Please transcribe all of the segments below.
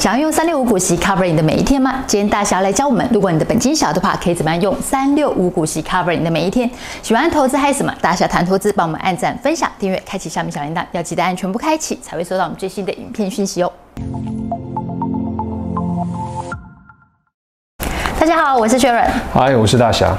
想要用三六五股息 cover 你的每一天嗎？今天大俠來教我們，如果你的本金小的話，可以怎麼樣用三六五股息 cover 你的每一天？喜歡投資嗨什麼？大俠談投資，幫我們按讚、分享、訂閱、開啟下面小鈴鐺，要記得按全部開啟，才會收到我們最新的影片訊息哦、喔。大家好，我是 Sharon。Hi，我是大俠。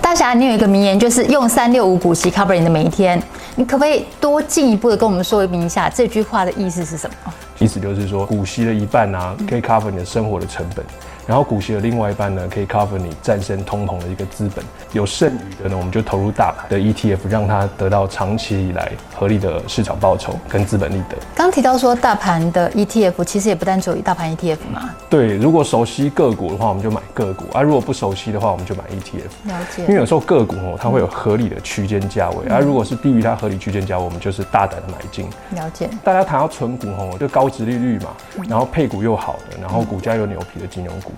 大俠，你有一個名言，就是用三六五股息 cover 你的每一天，你可不可以多進一步的跟我們說明一下這句話的意思是什麼？意思就是說，股息的一半啊，可以 cover 你的生活的成本，嗯、然後股息的另外一半呢，可以 cover 你戰勝通膨的一個資本。有剩餘的呢，我們就投入大盤的 ETF，讓它得到長期以來合理的市場報酬跟資本利得。剛提到說，大盤的 ETF 其實也不單只有一大盤 ETF 嘛、嗯。對，如果熟悉個股的話，我們就買個股啊；如果不熟悉的話，我們就買 ETF。了解。因為有時候個股哦，它會有合理的區間價位、嗯、啊，如果是低於它合理區間價位，我們就是大膽的買進。了解。大家談到存股吼，就高。高殖利率嘛，然後配股又好的，然後股價又牛皮的金融股。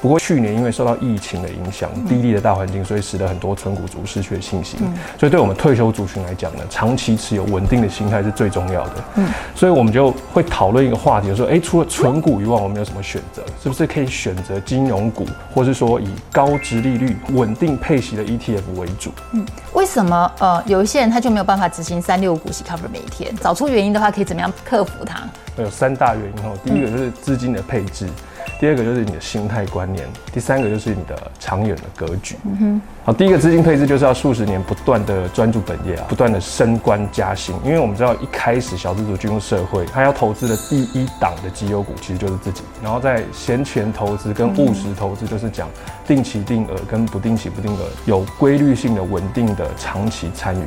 不過去年因為受到疫情的影響，嗯、低利的大環境，所以使得很多存股族失去了信心。嗯、所以對我們退休族群來講呢，長期持有穩定的心態是最重要的。嗯，所以我們就會討論一個話題，說，哎，除了存股以外，我們有什麼選擇？是不是可以選擇金融股，或是說以高殖利率穩定配息的 ETF 為主，嗯。為什麼呃有一些人他就沒有辦法執行三六五股息 cover 每一天？找出原因的話，可以怎麼樣克服它？三大原因哦、喔，第一個就是資金的配置。第二個就是你的心態觀念，第三個就是你的長遠的格局。嗯哼好，第一個資金配置就是要數十年不斷的專注本業啊，不斷的升官加薪。因為我們知道一開始小資族進入社會，他要投資的第一檔的績優股其實就是自己。然後在閒錢投資跟務實投資，就是講定期定額跟不定期不定額，有規律性的穩定的長期參與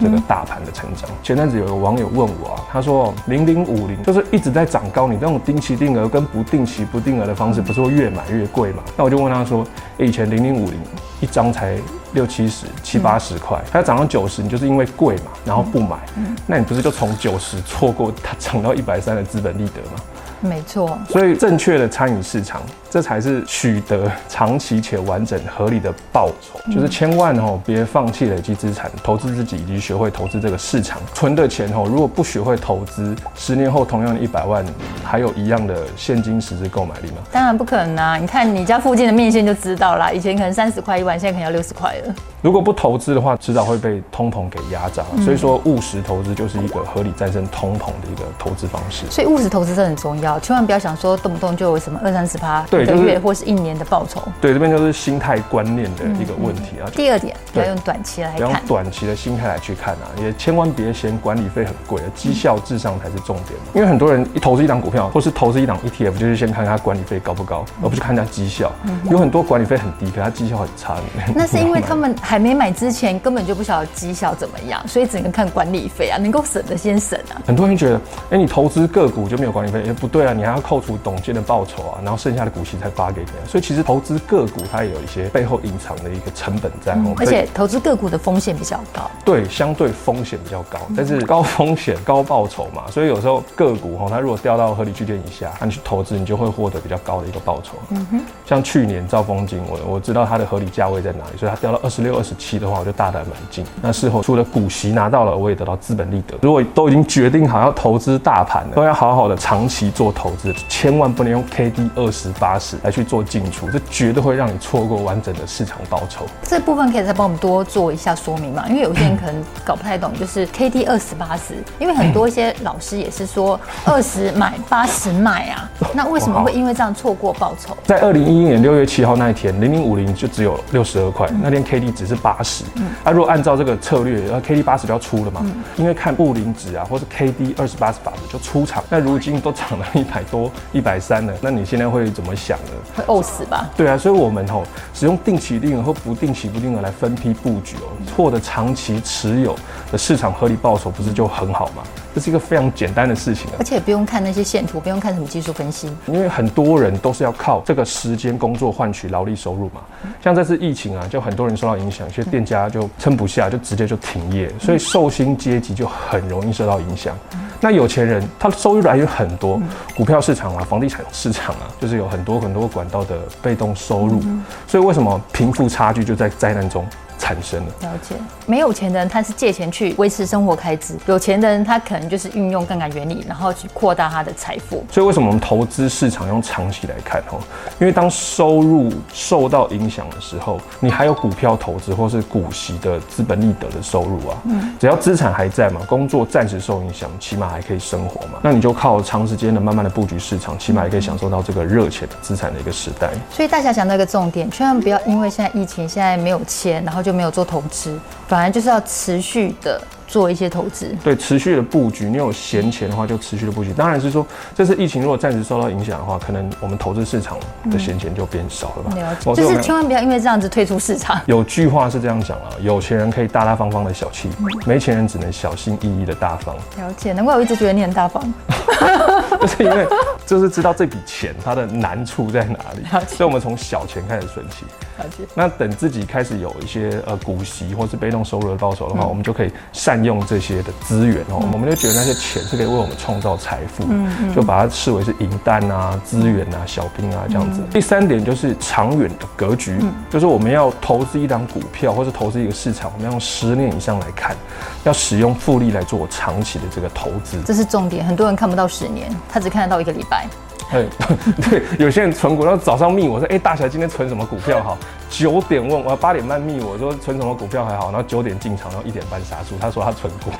這個大盤的成長。嗯、哼前陣子有個網友問我啊，他說零零五零就是一直在漲高，你這種定期定額跟不定期不定額的。房子，不是說越買越貴嘛？嗯、那我就問他說，欸、以前零零五零一張才六七十、七八十塊，它漲到九十，你就是因為貴嘛，然後不買，嗯、那你不是就從九十錯過它漲到一百三的資本利得嗎？沒錯，所以正確的參與市場，這才是取得長期且完整合理的報酬。嗯、就是千萬哦，別放棄累積資產、投資自己以及學會投資這個市場。存的錢哦，如果不學會投資，十年後同樣的一百萬，還有一樣的現金實質購買力嗎？當然不可能啊！你看你家附近的麵線就知道啦，以前可能三十塊一碗，現在可能要六十塊了。如果不投資的話，遲早會被通膨給壓榨，所以說務實投資就是一個合理戰勝通膨的一個投資方式、嗯。所以務實投資是很重要，千萬不要想說動不動就有什麼二三十趴一個月或是一年的報酬。對，就是、對，這邊就是心態觀念的一個問題啊。嗯嗯、就第二點不要用短期來看，要用短期的心態來去看啊，也千萬別嫌管理費很貴，績效至上才是重點。因為很多人一投資一檔股票，或是投資一檔 ETF，就是先看看他管理費高不高，而不是看它績效。有很多管理費很低，可是它績效很差。嗯、那是因為他們。還沒買之前，根本就不曉得績效怎麼樣，所以只能看管理費啊，能夠省的先省啊。很多人覺得，哎，你投資個股就沒有管理費，哎，不對啊，你還要扣除董監的報酬啊，然後剩下的股息才發給你啊。所以其實投資個股它也有一些背後隱藏的一個成本在。而且投資個股的風險比較高。對，相對風險比較高，但是高風險高報酬嘛，所以有時候個股哈，它如果掉到合理區間以下啊，那你去投資你就會獲得比較高的一個報酬。嗯哼，像去年兆豐金，我我知道它的合理價位在哪裡，所以它掉到二十六、二十七的話，我就大膽買進。那事後除了股息拿到了，我也得到資本利得。如果都已經決定好要投資大盤了，都要好好的長期做投資，千萬不能用 K D 二十八十來去做進出，這絕對會讓你錯過完整的市場報酬。嗯、這部分可以再幫我們多做一下說明嘛？因為有些人可能搞不太懂， 就是 K D 二十八十，因為很多一些老師也是說二十買八十賣啊，那為什麼會因為這樣錯過報酬？哦、在二零一一年六月七號那一天，零零五零就只有六十二塊，嗯、那天 K D 只。是八十，嗯，那、啊、如果按照這個策略，KD 八十就要出了嘛，嗯、因為看布林值啊，或者 KD 二十八十八，就出場。那如今都漲了一百多，一百三了，那你現在會怎麼想呢？會餓死吧？對啊，所以我們吼、喔、使用定期定額或不定期不定額來分批布局哦、喔，獲得長期持有的市場合理報酬不是就很好嗎？這是一個非常簡單的事情，而且也不用看那些線圖，不用看什麼技術分析。因為很多人都是要靠這個時間工作換取勞力收入嘛。像這次疫情啊，就很多人受到影響，一些店家就撐不下，就直接就停業。所以受薪階級，就很容易受到影響。那有錢人，他的收入來源很多，股票市場啊，房地產市場啊，就是有很多很多管道的被動收入。所以為什麼貧富差距就在災難中產生了。了解，沒有錢的人，他是借錢去維持生活開支，有錢的人，他可能就是運用槓桿原理，然後去擴大他的財富。所以為什麼我們投資市場用長期來看哦？因為當收入受到影響的時候，你還有股票投資或是股息的資本利得的收入啊。嗯，只要資產還在嘛，工作暫時受影響，起碼還可以生活嘛。那你就靠長時間的慢慢的佈局市場，起碼也可以享受到這個熱錢資產的一個時代。所以大家想到一個重點，千萬不要因為現在疫情現在沒有錢，然後就。就沒有做投資，反而就是要持續的做一些投資。對，持續的布局，你有閒錢的話就持續的布局。當然是說，這次疫情如果暫時受到影響的話，可能我們投資市場的閒錢就變少了吧。嗯哦、就是千萬不要因為這樣子退出市場。有句話是這樣講了、啊：有錢人可以大大方方的小氣，嗯、沒錢人只能小心翼翼的大方。了解，難怪我一直覺得你很大方， 就是因為。就是知道這筆錢它的難處在哪裡，了解。所以我們從小錢開始存起。了解。那等自己開始有一些呃股息或是被動收入到手的話，嗯、我們就可以善用這些的資源哦。嗯、我們就覺得那些錢是可以為我們創造財富嗯，嗯，就把它視為是銀彈啊、資源啊、小兵啊這樣子。嗯、第三點就是長遠的格局，嗯、就是我們要投資一檔股票或是投資一個市場，我們要用十年以上來看，要使用複利來做長期的這個投資。這是重點，很多人看不到十年，他只看得到一個禮拜。對，有些人存股，然後早上密我說，哎、欸，大俠今天存什麼股票好，九點問我，八點半密我說存什麼股票還好，然後九點進場，然後一點半殺出。他說他存股。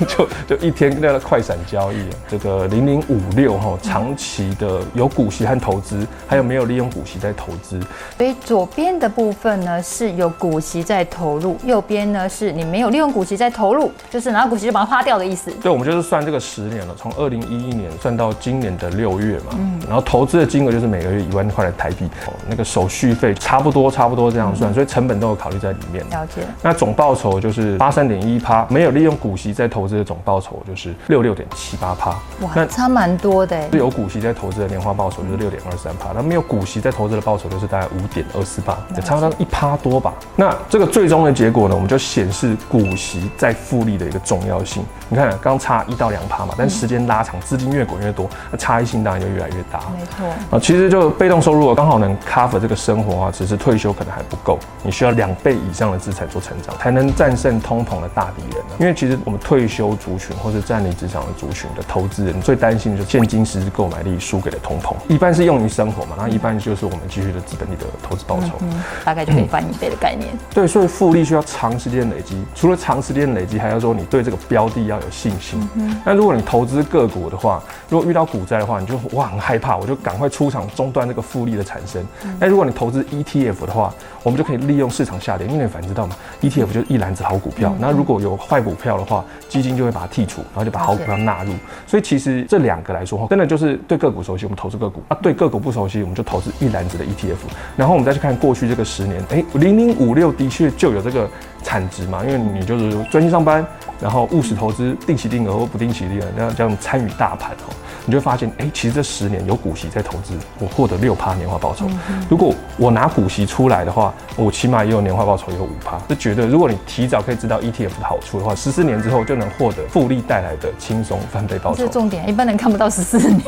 就就一天那個快閃交易、啊，這個零零五六哈，喔、長期的有股息和投資，還有沒有利用股息在投資？所以左邊的部分呢是有股息在投入，右邊呢是你沒有利用股息在投入，就是拿到股息就把它花掉的意思。對，我們就是算這個十年了，從二零一一年算到今年的六月嘛，嗯，然後投資的金額就是每個月一萬塊的台幣，那個手續費差不多差不多這樣算，所以成本都有考慮在裡面。了解。那總報酬就是八三點一趴，沒有利用股息。在投資的總報酬就是六六點七八趴。哇，那差蠻多的。有股息在投資的年化報酬就是六點二三趴，那沒有股息在投資的報酬就是大概五點二四趴，也差不多一趴多吧。那這個最終的結果呢，我們就顯示股息在複利的一個重要性。你看、啊，剛差一到兩趴嘛，但時間拉長，資金越滾越多，那差異性當然就越來越大。沒錯啊，其實就被動收入剛好能 cover 這個生活啊，只是退休可能還不夠，你需要兩倍以上的資產做成長，才能戰勝通膨的大敵人、啊、因為其實我們。退休族群或是站立職場的族群的投資人最擔心的就是現金實質購買力輸給了通膨，一半是用於生活嘛，然後一半就是我們繼續的資本力的投資報酬，嗯，大概就可以翻一倍的概念。對，所以複利需要長時間累積，除了長時間累積，還要說你對這個標的要有信心。那如果你投資個股的話，如果遇到股災的話，你就哇很害怕，我就趕快出場中斷這個複利的產生。那如果你投資 ETF 的話，我們就可以利用市場下跌，因為你反正知道嗎？ETF 就是一籃子好股票，那如果有壞股票的話，基金就會把它剔除，然後就把好股票納入。啊、所以其實這兩個來說，真的就是對個股熟悉，我們投資個股啊；對個股不熟悉，我們就投資一籃子的 ETF。然後我們再去看過去這個十年，哎，零零五六的確就有這個產值嘛，因為你就是專心上班，然後務實投資，定期定額或不定期定額，那這樣參與大盤哦。你就發現，哎、欸，其實這十年有股息在投資，我獲得六趴年化報酬。嗯、哼如果我拿股息出來的話，我、哦、起碼也有年化報酬也有五趴。就覺得如果你提早可以知道 ETF 的好處的話，十四年之後就能獲得複利帶來的輕鬆翻倍報酬。這是重點，一般人看不到十四年。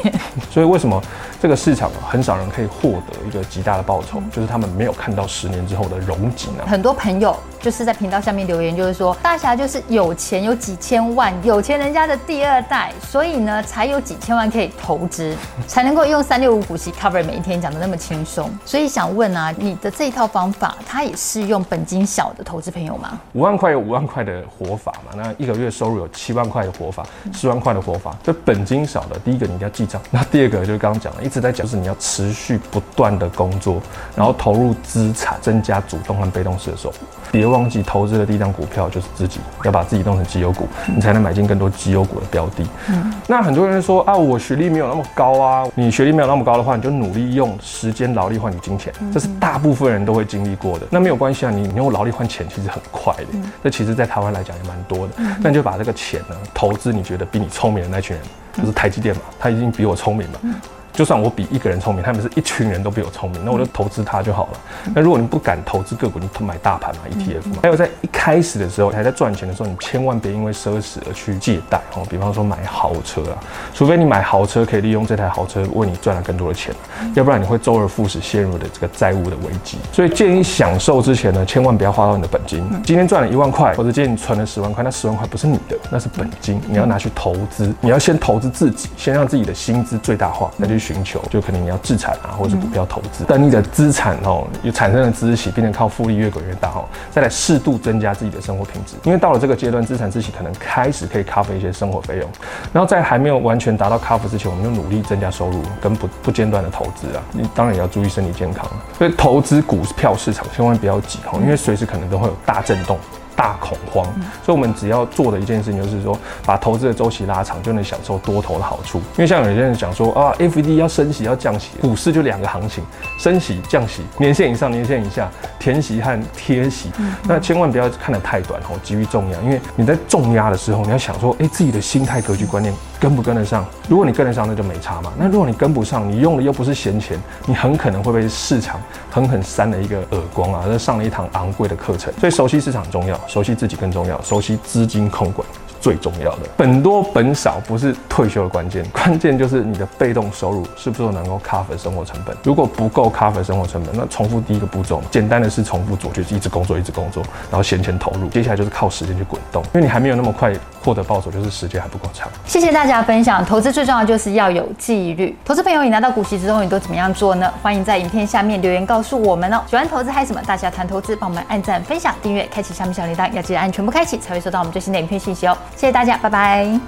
所以為什麼這個市場很少人可以獲得一個極大的報酬？就是他們沒有看到十年之後的榮景呢。很多朋友就是在頻道下面留言，就是說大俠就是有錢，有幾千萬，有錢人家的第二代，所以呢才有幾千萬。可以投資，才能夠用三六五股息 cover 每一天講得那麼輕鬆，所以想問啊，你的這一套方法，它也適用本金小的投資朋友嗎？五萬塊有五萬塊的活法嘛？那一個月收入有七萬塊的活法，嗯、十萬塊的活法，這本金少的，第一個你要記賬，那第二個就是剛剛講的，一直在講，就是你要持續不斷的工作，然後投入資產，增加主動和被動時候別忘記投資的第一張股票就是自己，要把自己弄成績優股，嗯、你才能買進更多績優股的標的。嗯、那很多人說啊，我學歷沒有那麼高啊，你學歷沒有那麼高的話，你就努力用時間勞力換取金錢，嗯、這是大部分人都會經歷過的。那沒有關係啊，你你用勞力換錢其實很快的，嗯、這其實，在台灣來講也蠻多的。嗯、那你就把這個錢呢，投資你覺得比你聰明的那群人，就是台積電嘛，他已經比我聰明嘛。嗯就算我比一個人聰明，他們是一群人都比我聰明，那我就投資他就好了。那、嗯、如果你不敢投資個股，你買大盤啊 ETF 嘛。嘛嗯、還有在一開始的時候，你還在賺錢的時候，你千萬別因為奢侈而去借貸哦。比方說買豪車啊，除非你買豪車可以利用這台豪車為你賺了更多的錢，嗯、要不然你會周而復始陷入的這個債務的危機。所以建議享受之前呢，千萬不要花到你的本金。嗯、今天賺了一萬塊，或者建議你存了十萬塊，那十萬塊不是你的，那是本金，嗯、你要拿去投資，嗯、你要先投資自己，先讓自己的薪資最大化，那就。尋求就可能你要自產啊，或者是股票投資，等、嗯、你的資產哦、喔，有產生的孳息，變成靠複利越滾越大哦、喔，再來適度增加自己的生活品質。因為到了這個階段，資產孳息可能開始可以 cover 一些生活費用，然後在還沒有完全達到 cover 之前，我們就努力增加收入跟不不間斷的投資啊。你當然也要注意身體健康，所以投資股票市場千萬不要急哈、喔，因為隨時可能都會有大震動。大恐慌、嗯，所以我們只要做的一件事情就是說，把投資的周期拉長，就能享受多頭的好處。因為像有些人講說啊，FED 要升息要降息，股市就兩個行情：升息、降息，年線以上、年線以下，填息和貼息嗯嗯。那千萬不要看得太短哦，急於重壓，因為你在重壓的時候，你要想說，哎，自己的心態、格局、觀念，跟不跟得上？如果你跟得上，那就沒差嘛。那如果你跟不上，你用的又不是閒錢，你很可能會被市場狠狠扇了一個耳光啊！這上了一堂昂貴的課程。所以熟悉市場重要，熟悉自己更重要，熟悉資金控管。最重要的，本多本少不是退休的關鍵，關鍵就是你的被動收入是不是能夠 cover 生活成本？如果不夠 cover 生活成本，那重複第一個步驟，簡單的是重複做，就是一直工作，一直工作，然後閒錢投入。接下來就是靠時間去滾動，因為你還沒有那麼快獲得報酬，就是時間還不夠長。謝謝大家分享，投資最重要的就是要有紀律。投資朋友，你拿到股息之後，你都怎麼樣做呢？歡迎在影片下面留言告訴我們哦、喔。喜歡投資嗨什麼？大俠談投資，幫我們按讚、分享、訂閱，開啟下面小鈴鐺，要記得按全部開啟，才會收到我們最新的影片信息哦、喔。謝謝大家，拜拜，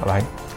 拜拜。